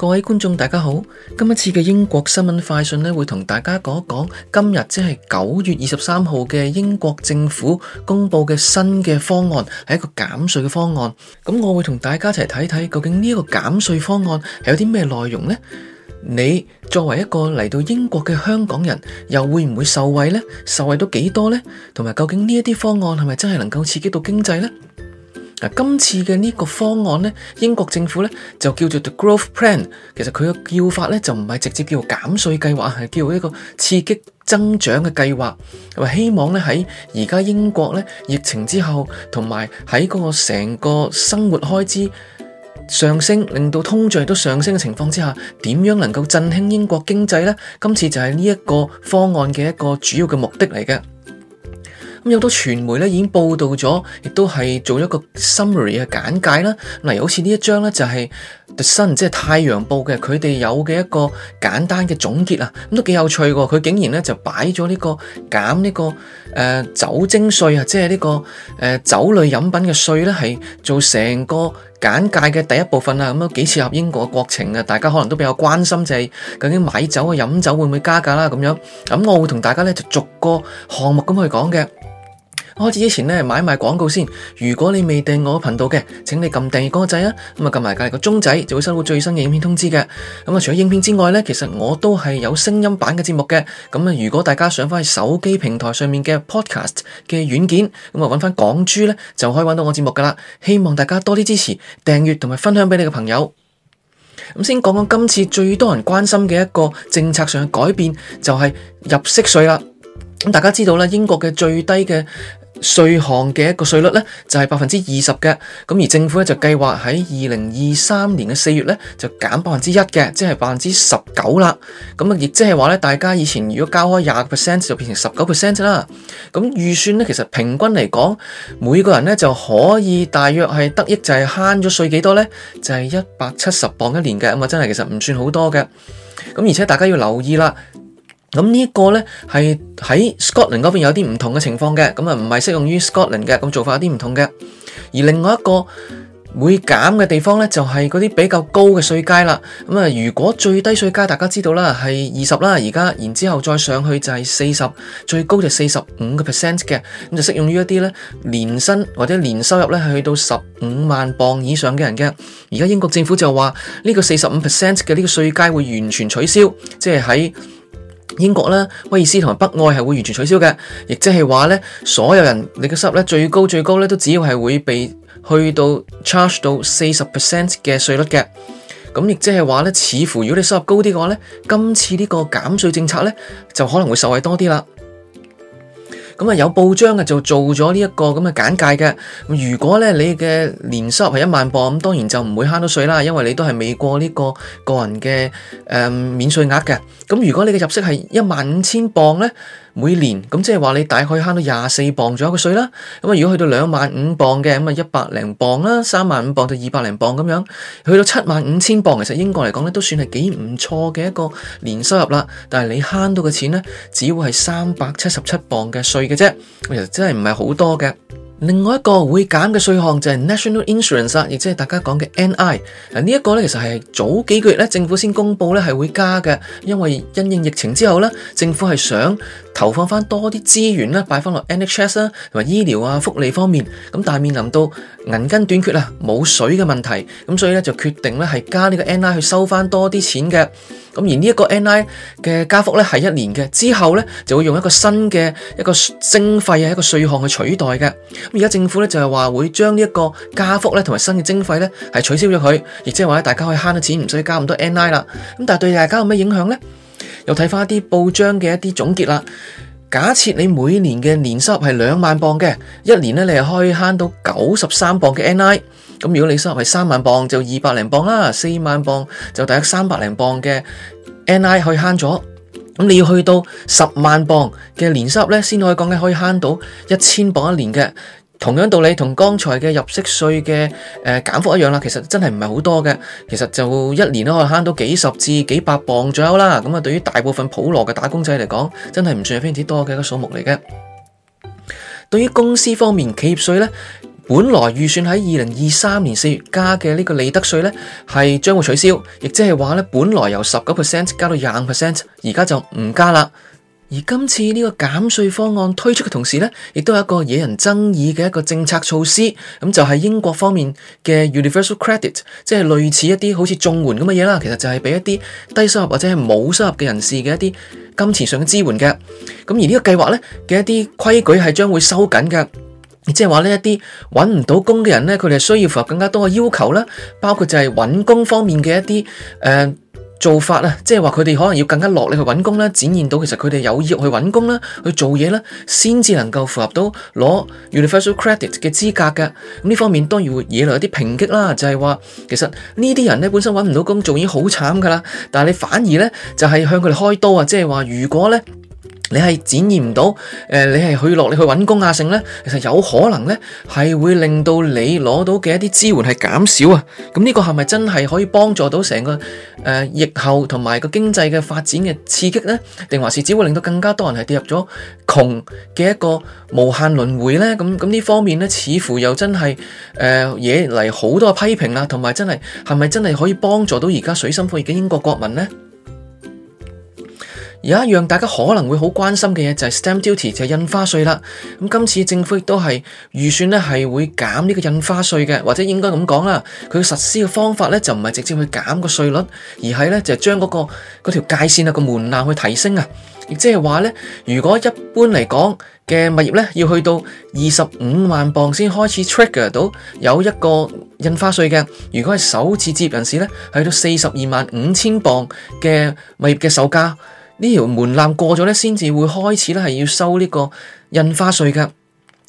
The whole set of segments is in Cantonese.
各位觀眾，大家好！今一次嘅英國新聞快訊呢，會同大家講一講今日即係九月二十三號嘅英國政府公布嘅新嘅方案，係一個減稅嘅方案。咁我會同大家一齊睇睇，究竟呢一個減稅方案係有啲咩內容呢？你作為一個嚟到英國嘅香港人，又會唔會受惠呢？受惠到幾多呢？同埋，究竟呢一啲方案係咪真係能夠刺激到經濟呢？今次嘅呢個方案呢，英國政府呢就叫做 The Growth Plan。其實佢嘅叫法呢，就唔係直接叫做減稅計劃，係叫一個刺激增長嘅計劃，希望呢喺而家英國呢疫情之後，同埋喺嗰個成個生活開支上升，令到通脹都上升嘅情況之下，點樣能夠振興英國經濟呢？今次就係呢一個方案嘅一個主要嘅目的嚟嘅。有好多傳媒已經報道咗，亦都係做咗一個 summary 嘅簡介啦。嗱，好似呢一張咧就係 The Sun，即係太陽報嘅，佢哋有嘅一個簡單嘅總結啊。咁都幾有趣噶，佢竟然咧就擺咗呢個減呢、這個誒、呃、酒精稅啊，即係呢、這個誒、呃、酒類飲品嘅稅咧，係做成個簡介嘅第一部分啊。咁啊，幾切合英國嘅國情啊。大家可能都比較關心就係究竟買酒啊、飲酒會唔會加價啦？咁樣咁，我會同大家咧就逐個項目咁去講嘅。開始之前呢，買賣廣告先。如果你未訂我頻道嘅，請你撳訂閱嗰個掣啊。咁、嗯、啊，撳埋隔籬個鐘仔，就會收到最新嘅影片通知嘅。咁、嗯、啊，除咗影片之外呢，其實我都係有聲音版嘅節目嘅。咁、嗯、啊，如果大家想翻去手機平台上面嘅 Podcast 嘅軟件，咁、嗯、啊，揾翻港豬咧，就可以揾到我節目噶啦。希望大家多啲支持訂閱同埋分享俾你嘅朋友。咁、嗯、先講講今次最多人關心嘅一個政策上嘅改變，就係、是、入息稅啦。咁、嗯、大家知道啦，英國嘅最低嘅。稅項嘅一個稅率呢，就係百分之二十嘅，咁而政府呢，就計劃喺二零二三年嘅四月呢，就減百分之一嘅，即係百分之十九啦。咁啊，亦即係話呢，大家以前如果交開廿 percent 就變成十九 percent 啦。咁預算呢，其實平均嚟講，每個人呢就可以大約係得益就係慳咗稅幾多呢？就係一百七十磅一年嘅，咁啊真係其實唔算好多嘅。咁而且大家要留意啦。咁呢個咧係喺 Scotland 嗰邊有啲唔同嘅情況嘅，咁啊唔係適用於 Scotland 嘅，咁做法有啲唔同嘅。而另外一個會減嘅地方咧就係嗰啲比較高嘅稅階啦。咁啊，如果最低稅階大家知道啦係二十啦，而家然之後再上去就係四十，最高就係四十五個 percent 嘅，咁就適用於一啲咧年薪或者年收入咧係去到十五萬磅以上嘅人嘅。而家英國政府就話呢個四十五 percent 嘅呢個稅階會完全取消，即係喺。英國咧，威爾斯同埋北愛係會完全取消嘅。亦即係話咧，所有人你嘅收入咧最高最高咧都只要係會被去到 charge 到四十 percent 嘅稅率嘅，咁亦即係話咧，似乎如果你收入高啲嘅話咧，今次呢個減稅政策咧就可能會受惠多啲啦。咁啊有報章嘅就做咗呢一個咁嘅簡介嘅，如果咧你嘅年收入係一萬鎊，咁當然就唔會慳到稅啦，因為你都係未過呢個個人嘅誒、嗯、免稅額嘅。咁如果你嘅入息係一萬五千磅呢，每年咁即係話你大概可以慳到廿四磅左右嘅稅啦。咁如果去到兩萬五磅嘅，咁啊，一百零磅啦，三萬五磅到二百零磅咁樣，去到七萬五千磅，其實英國嚟講都算係幾唔錯嘅一個年收入啦。但係你慳到嘅錢呢，只會係三百七十七磅嘅稅嘅啫，其實真係唔係好多嘅。另外一個會減嘅稅項就係 National Insurance，亦即係大家講嘅 NI。嗱，呢一個咧其實係早幾個月咧政府先公布咧係會加嘅，因為因應疫情之後咧，政府係想投放翻多啲資源啦，擺翻落 NHS 啊同埋醫療啊福利方面，咁但係面臨到銀根短缺啦、冇水嘅問題，咁所以咧就決定咧係加呢個 NI 去收翻多啲錢嘅。咁而呢一個 NI 嘅加幅咧係一年嘅，之後咧就會用一個新嘅一個徵費啊一個稅項去取代嘅。而家政府咧就係話會將呢一個加幅咧同埋新嘅徵費咧係取消咗佢，亦即係話咧大家可以慳咗錢，唔需要加咁多 NI 啦。咁但係對大家有咩影響咧？又睇翻一啲報章嘅一啲總結啦。假設你每年嘅年收入係兩萬磅嘅，一年咧你係可以慳到九十三磅嘅 NI。咁如果你收入係三萬磅，就二百零磅啦；四萬磅就大約三百零磅嘅 NI 可以慳咗。咁你要去到十萬磅嘅年收入呢，先可以講你可以慳到一千磅一年嘅。同樣道理同剛才嘅入息稅嘅誒減幅一樣啦。其實真係唔係好多嘅，其實就一年都可以慳到幾十至幾百磅左右啦。咁啊，對於大部分普羅嘅打工仔嚟講，真係唔算係非常之多嘅一個數目嚟嘅。對於公司方面企業稅呢，本來預算喺二零二三年四月加嘅呢個利得稅呢，係將會取消，亦即係話呢，本來由十九 percent 加到廿五 percent，而家就唔加啦。而今次呢個減稅方案推出嘅同時呢，亦都有一個惹人爭議嘅一個政策措施。咁就係英國方面嘅 Universal Credit，即係類似一啲好似綜援咁嘅嘢啦。其實就係俾一啲低收入或者係冇收入嘅人士嘅一啲金錢上嘅支援嘅。咁而呢個計劃呢，嘅一啲規矩係將會收緊嘅。即係話呢一啲揾唔到工嘅人呢，佢哋需要符合更加多嘅要求啦，包括就係揾工方面嘅一啲、呃、做法啦。即係話佢哋可能要更加落力去揾工啦，展現到其實佢哋有意欲去揾工啦，去做嘢啦，先至能夠符合到攞 Universal Credit 嘅資格嘅。咁呢方面當然會惹來一啲抨擊啦，就係、是、話其實呢啲人呢本身揾唔到工，做已經好慘㗎喇，但係你反而呢，就係、是、向佢哋開刀啊，即係話如果呢。你係展現唔到，誒，你係去落力去揾工啊，剩呢？其實有可能呢，係會令到你攞到嘅一啲支援係減少啊。咁呢個係咪真係可以幫助到成個誒、呃、疫後同埋個經濟嘅發展嘅刺激呢？定還是只會令到更加多人係跌入咗窮嘅一個無限輪迴呢？咁咁呢方面呢，似乎又真係誒、呃、惹嚟好多嘅批評啦，同埋真係係咪真係可以幫助到而家水深火熱嘅英國國民呢？有一樣大家可能會好關心嘅嘢就係，是，Stamp Duty，就係印花稅啦。咁今次政府亦都係預算咧，係會減呢個印花稅嘅，或者應該咁講啦。佢實施嘅方法呢就唔係直接去減個稅率，而係呢就係將嗰個條界線嗰個門檻去提升啊。亦即係話呢，如果一般嚟講嘅物業呢，要去到二十五萬鎊先開始 trigger 到有一個印花稅嘅，如果係首次置業人士呢，去到四十二萬五千鎊嘅物業嘅售價。呢條門檻過咗咧，先至會開始咧係要收呢個印花稅嘅。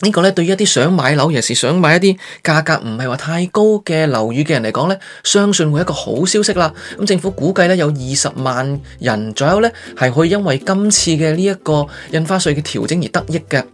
呢、這個咧對於一啲想買樓，尤其是想買一啲價格唔係話太高嘅樓宇嘅人嚟講咧，相信會是一個好消息啦。咁政府估計咧有二十萬人左右呢係可以因為今次嘅呢一個印花稅嘅調整而得益嘅。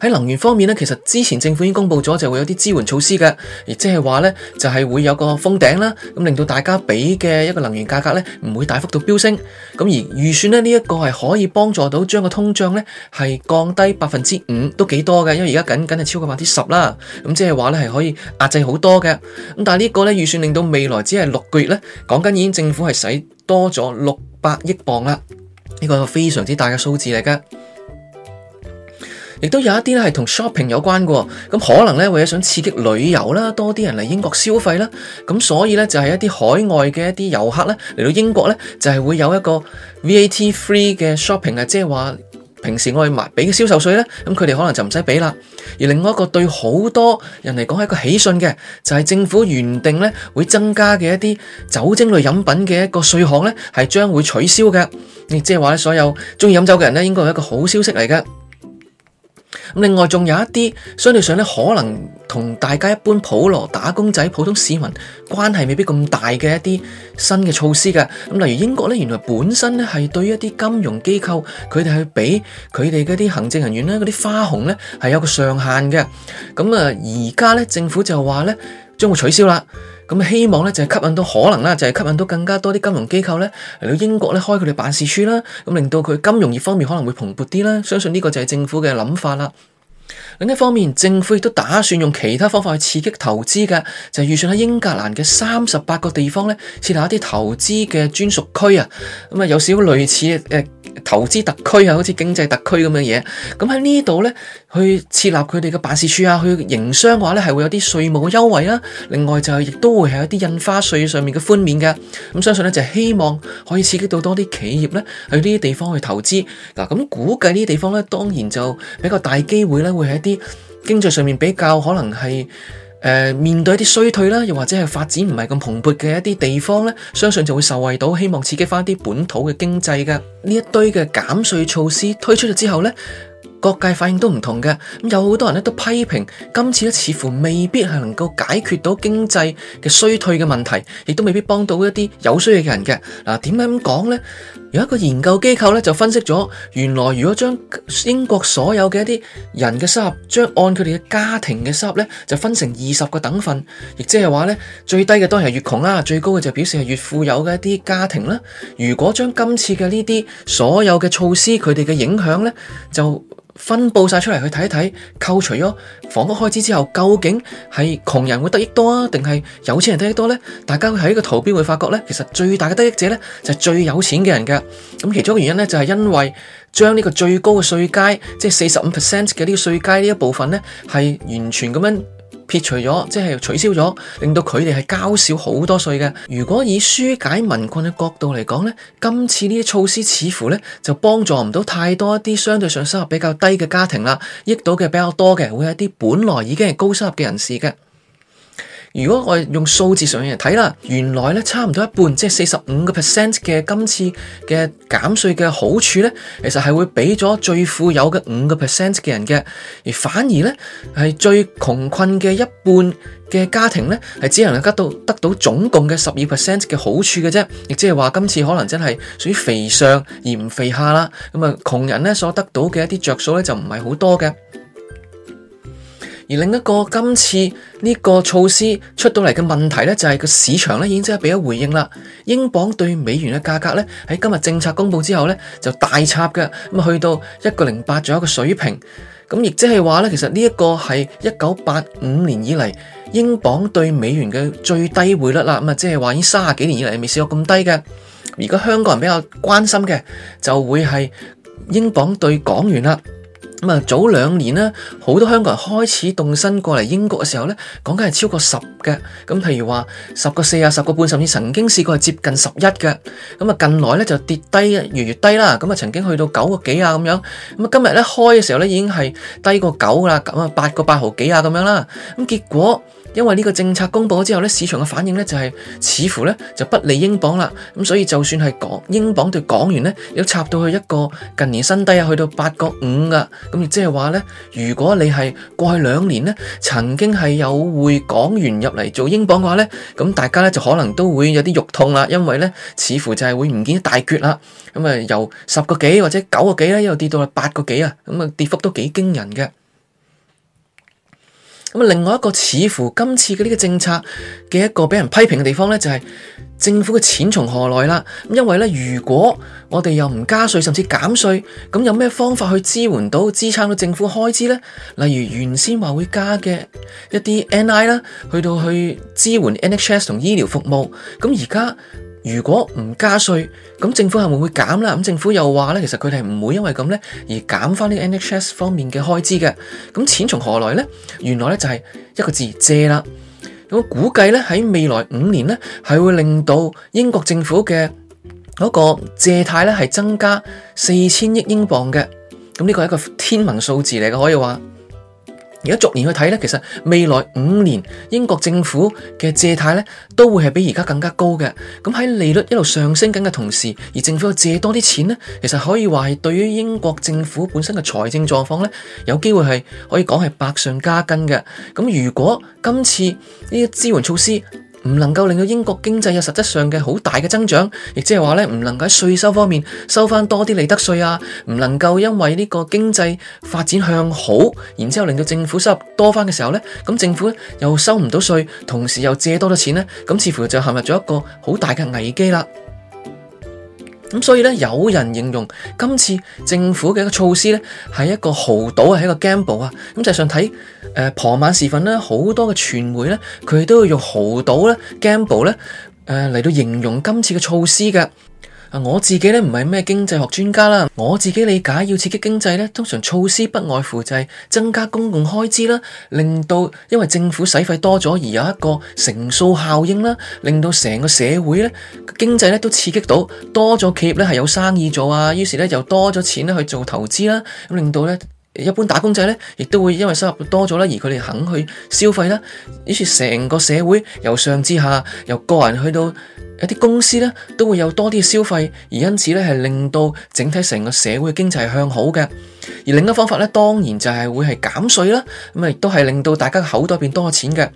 喺能源方面呢，其實之前政府已經公布咗，就會有啲支援措施嘅，而即係話呢，就係、是、會有個封頂啦，咁令到大家俾嘅一個能源價格呢唔會大幅度飆升。咁而預算呢，呢、這、一個係可以幫助到將個通脹呢係降低百分之五都幾多嘅，因為而家僅僅係超過百分之十啦。咁即係話呢係可以壓制好多嘅。咁但係呢個呢預算令到未來只係六個月呢，講緊已經政府係使多咗六百億磅啦，呢、這個係非常之大嘅數字嚟㗎。亦都有一啲呢係同 shopping 有關嘅，咁可能呢為咗想刺激旅遊啦，多啲人嚟英國消費啦，咁所以呢，就係一啲海外嘅一啲遊客呢，嚟到英國呢，就係會有一個 VAT free 嘅 shopping 啊，即係話平時我哋買俾嘅銷售稅呢，咁佢哋可能就唔使俾啦。而另外一個對好多人嚟講係一個喜訊嘅，就係政府原定呢會增加嘅一啲酒精類飲品嘅一個稅項呢，係將會取消嘅。你即係話所有鍾意飲酒嘅人呢，應該有一個好消息嚟嘅。另外仲有一啲，相對上咧可能同大家一般普羅打工仔、普通市民關係未必咁大嘅一啲新嘅措施嘅，咁例如英國咧，原來本身咧係對於一啲金融機構佢哋去俾佢哋嗰啲行政人員咧嗰啲花紅咧係有個上限嘅，咁啊而家咧政府就話咧將會取消啦。希望咧就係吸引到可能啦，就係吸引到更加多啲金融機構咧嚟到英國咧開佢哋辦事處啦，咁令到佢金融業方面可能會蓬勃啲啦。相信呢個就係政府嘅諗法啦。另一方面，政府亦都打算用其他方法去刺激投資嘅，就係預算喺英格蘭嘅三十八個地方咧設立一啲投資嘅專屬區啊，咁啊有少少類似誒投資特區啊，好似經濟特區咁嘅嘢。咁喺呢度咧。去設立佢哋嘅辦事處啊，去營商嘅話咧，係會有啲稅務嘅優惠啦。另外就係亦都會係一啲印花稅上面嘅寬免嘅。咁、嗯、相信咧就係、是、希望可以刺激到多啲企業咧去呢啲地方去投資嗱。咁、啊、估計呢啲地方咧當然就比較大機會咧會係一啲經濟上面比較可能係誒、呃、面對一啲衰退啦，又或者係發展唔係咁蓬勃嘅一啲地方咧，相信就會受惠到希望刺激翻啲本土嘅經濟嘅呢一堆嘅減稅措施推出咗之後咧。各界反應都唔同嘅，咁有好多人咧都批評今次咧似乎未必係能夠解決到經濟嘅衰退嘅問題，亦都未必幫到一啲有需要嘅人嘅。嗱、啊，點解咁講咧？有一個研究機構咧就分析咗，原來如果將英國所有嘅一啲人嘅收入，將按佢哋嘅家庭嘅收入咧，就分成二十個等份，亦即係話咧最低嘅當然係越窮啦，最高嘅就表示係越富有嘅一啲家庭啦。如果將今次嘅呢啲所有嘅措施佢哋嘅影響咧，就分布曬出嚟去睇一睇，扣除咗房屋開支之後，究竟係窮人會得益多啊，定係有錢人得益多呢？大家喺呢個圖表會發覺咧，其實最大嘅得益者呢，就係最有錢嘅人㗎。咁其中一個原因呢，就係因為將呢個最高嘅稅階，即係四十五 percent 嘅呢個稅階呢一部分呢，係完全咁樣，撇除咗，即係取消咗，令到佢哋係交少好多稅嘅。如果以紓解民困嘅角度嚟講呢，今次呢啲措施似乎呢就幫助唔到太多一啲相對上收入比較低嘅家庭啦，益到嘅比較多嘅會係一啲本來已經係高收入嘅人士嘅。如果我用數字上嚟睇啦，原來咧差唔多一半，即係四十五個 percent 嘅今次嘅減稅嘅好處呢，其實係會畀咗最富有嘅五個 percent 嘅人嘅，而反而呢，係最窮困嘅一半嘅家庭呢，係只能夠得到得到總共嘅十二 percent 嘅好處嘅啫，亦即係話今次可能真係屬於肥上而唔肥下啦。咁啊，窮人呢所得到嘅一啲着數呢，就唔係好多嘅。而另一個今次呢個措施出到嚟嘅問題咧，就係、是，個市場已經即係俾咗回應啦。英鎊對美元嘅價格呢，喺今日政策公佈之後呢，就大插嘅，去到一個零八左右嘅水平，咁亦即係話咧，其實呢一個係一九八五年以嚟英鎊對美元嘅最低匯率啦，咁啊即係話已經三十幾年以嚟未試過咁低嘅。如果香港人比較關心嘅就會係英鎊對港元啦。早兩年呢，好多香港人開始動身過嚟英國嘅時候呢，講緊係超過十嘅。咁譬如話十個四啊，十個半，甚至曾經試過係接近十一嘅。咁啊，近來呢，就跌低，越越低啦。咁啊，曾經去到九個幾啊咁樣。咁啊，今日呢，開嘅時候呢，已經係低過九啦。咁啊，八個八毫幾啊咁樣啦。咁結果，因為呢個政策公布咗之後咧，市場嘅反應呢就係、是、似乎呢就不利英鎊啦，咁所以就算係港英鎊對港元咧，有插到去一個近年新低啊，去到八個五啊，咁亦即係話咧，如果你係過去兩年呢曾經係有匯港元入嚟做英鎊嘅話呢，咁大家呢就可能都會有啲肉痛啦，因為呢似乎就係會唔見一大橛啦，咁啊由十個幾或者九個幾咧，又跌到去八個幾啊，咁啊跌幅都幾驚人嘅。咁，另外一個似乎今次嘅呢個政策嘅一個俾人批評嘅地方呢，就係、是、政府嘅錢從何來啦？因為呢，如果我哋又唔加稅，甚至減稅，咁有咩方法去支援到支撐到政府開支呢？例如原先話會加嘅一啲 NI 啦，去到去支援 NHS 同醫療服務，咁而家。如果唔加稅，咁政府係咪會減啦？咁政府又話咧，其實佢哋係唔會因為咁咧而減翻呢個 NHS 方面嘅開支嘅。咁錢從何來呢？原來咧就係一個字借啦。我估計咧喺未來五年呢，係會令到英國政府嘅嗰個借貸咧係增加四千億英鎊嘅。咁呢個係一個天文數字嚟嘅，可以話。而家逐年去睇呢，其實未來五年英國政府嘅借貸咧，都會係比而家更加高嘅。咁喺利率一路上升緊嘅同時，而政府借多啲錢呢，其實可以話係對於英國政府本身嘅財政狀況呢，有機會係可以講係百上加斤嘅。咁如果今次呢啲支援措施，唔能夠令到英國經濟有實質上嘅好大嘅增長，亦即係話咧，唔能夠喺稅收方面收返多啲利得稅啊，唔能夠因為呢個經濟發展向好，然之後令到政府收入多返嘅時候呢，咁政府又收唔到稅，同時又借多咗錢呢，咁似乎就陷入咗一個好大嘅危機啦。咁所以咧，有人形容今次政府嘅一個措施咧，係一個豪賭，係一個 gamble 啊。咁就係、是、上睇誒傍晚時分咧，好多嘅傳媒咧，佢哋都會用豪賭咧、gamble 咧、啊、誒嚟到形容今次嘅措施嘅。啊，我自己咧唔係咩經濟學專家啦，我自己理解要刺激經濟咧，通常措施不外乎就係增加公共開支啦，令到因為政府使費多咗而有一個乘數效應啦，令到成個社會咧經濟咧都刺激到，多咗企業咧係有生意做啊，於是咧又多咗錢咧去做投資啦，咁令到咧一般打工仔咧亦都會因為收入多咗啦，而佢哋肯去消費啦，於是成個社會由上至下，由個人去到。一啲公司咧都會有多啲消費，而因此咧係令到整體成個社會的經濟係向好嘅。而另一方法咧，當然就係會係減稅啦，咁啊亦都係令到大家口袋入多咗錢嘅。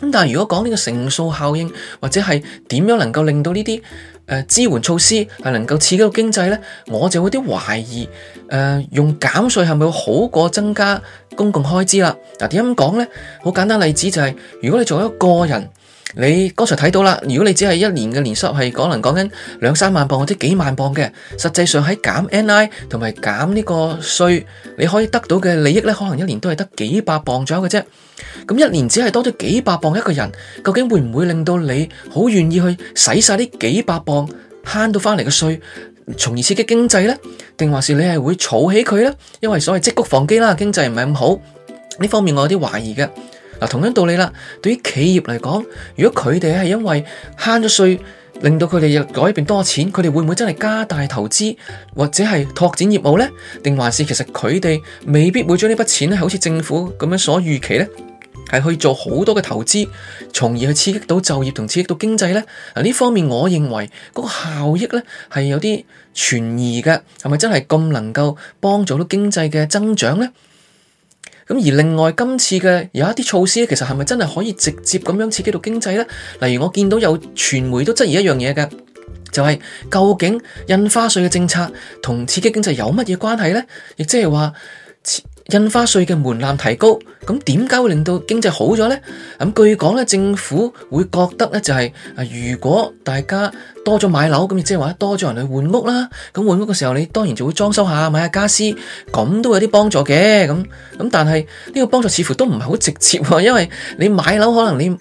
咁但如果講呢個乘數效應，或者係點樣能夠令到呢啲誒支援措施能夠刺激到經濟呢，我就會有啲懷疑誒、呃、用減稅係咪好過增加公共開支啦？嗱點解咁講咧？好簡單例子就係、是、如果你作為一個個人。你剛才睇到啦，如果你只係一年嘅年收入係可能講緊兩三萬磅或者幾萬磅嘅，實際上喺減 NI 同埋減呢個稅，你可以得到嘅利益呢，可能一年都係得幾百磅左右嘅啫。咁一年只係多咗幾百磅一個人，究竟會唔會令到你好願意去使晒啲幾百磅慳到返嚟嘅稅，從而刺激經濟呢？定還是你係會儲起佢呢？因為所謂積谷防饑啦，經濟唔係咁好，呢方面我有啲懷疑嘅。同樣道理啦。對於企業嚟講，如果佢哋係因為慳咗稅，令到佢哋又改變多錢，佢哋會唔會真係加大投資，或者係拓展業務呢？定還是其實佢哋未必會將呢筆錢咧，好似政府咁樣所預期呢？係去做好多嘅投資，從而去刺激到就業同刺激到經濟呢？呢方面我認為嗰個效益呢係有啲存疑嘅，係咪真係咁能夠幫助到經濟嘅增長呢？而另外今次嘅有一啲措施，其實係咪真係可以直接咁樣刺激到經濟呢？例如我見到有傳媒都質疑一樣嘢嘅，就係究竟印花稅嘅政策同刺激經濟有乜嘢關係呢？亦即係話印花稅嘅門檻提高。咁點解會令到經濟好咗呢？咁據講咧，政府會覺得咧就係啊，如果大家多咗買樓，咁亦即係話多咗人去換屋啦，咁換屋嘅時候你當然就會裝修下，買下家私，咁都有啲幫助嘅。咁咁但係呢個幫助似乎都唔係好直接喎，因為你買樓可能你誒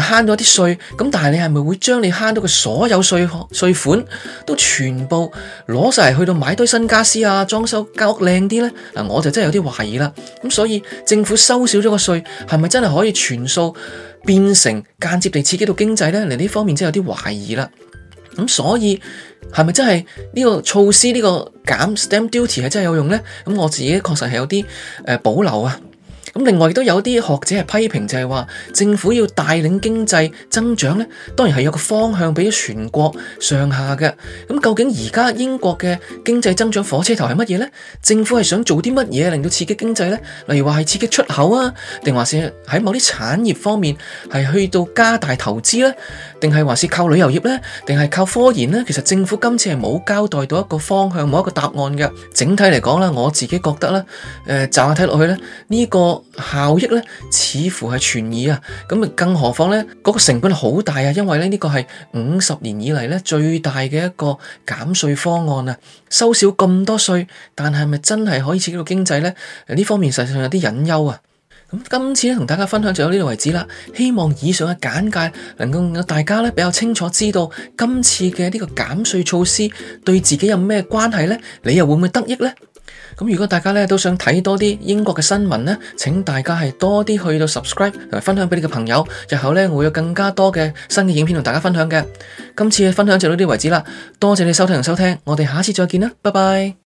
慳咗啲稅，咁但係你係咪會將你慳到嘅所有稅稅款都全部攞晒嚟去到買堆新家私啊，裝修間屋靚啲咧？嗱，我就真係有啲懷疑啦。咁所以政府收少咗個稅，係咪真係可以全數變成間接地刺激到經濟咧？嚟呢方面真係有啲懷疑啦。咁所以係咪真係呢個措施呢、呢個減 stamp duty 係真係有用咧？咁我自己確實係有啲誒、呃、保留啊。咁另外亦都有啲學者係，批評，就係話政府要帶領經濟增長咧，當然係有個方向俾全國上下嘅。咁究竟而家英國嘅經濟增長火車頭係乜嘢咧？政府係想做啲乜嘢令到刺激經濟咧？例如話，係刺激出口啊，定還是喺某啲產業方面係去到加大投資咧？定係還是，是靠旅遊業咧？定係靠科研咧？其實政府今次係冇交代到一個方向，冇一個答案嘅。整體嚟講啦，我自己覺得咧，誒，驟眼睇落去咧，呢個。效益咧，似乎係存疑啊！咁啊，更何況咧，嗰個成本好大啊，因為咧呢個係五十年以嚟咧最大嘅一個減稅方案啊，收少咁多稅，但係咪真係可以刺激到經濟咧？呢方面實際上有啲隱憂啊！咁今次咧同大家分享就到呢度為止啦。希望以上嘅簡介能夠令到大家咧比較清楚知道今次嘅呢個減稅措施對自己有咩關係咧？你又會唔會得益咧？咁如果大家呢都想睇多啲英國嘅新聞呢，請大家係多啲去到 subscribe 同埋分享俾你嘅朋友。日後呢，我會有更加多嘅新嘅影片同大家分享嘅。今次嘅分享就到呢度為止啦。多謝你收聽和收聽，我哋下次再見啦，拜拜。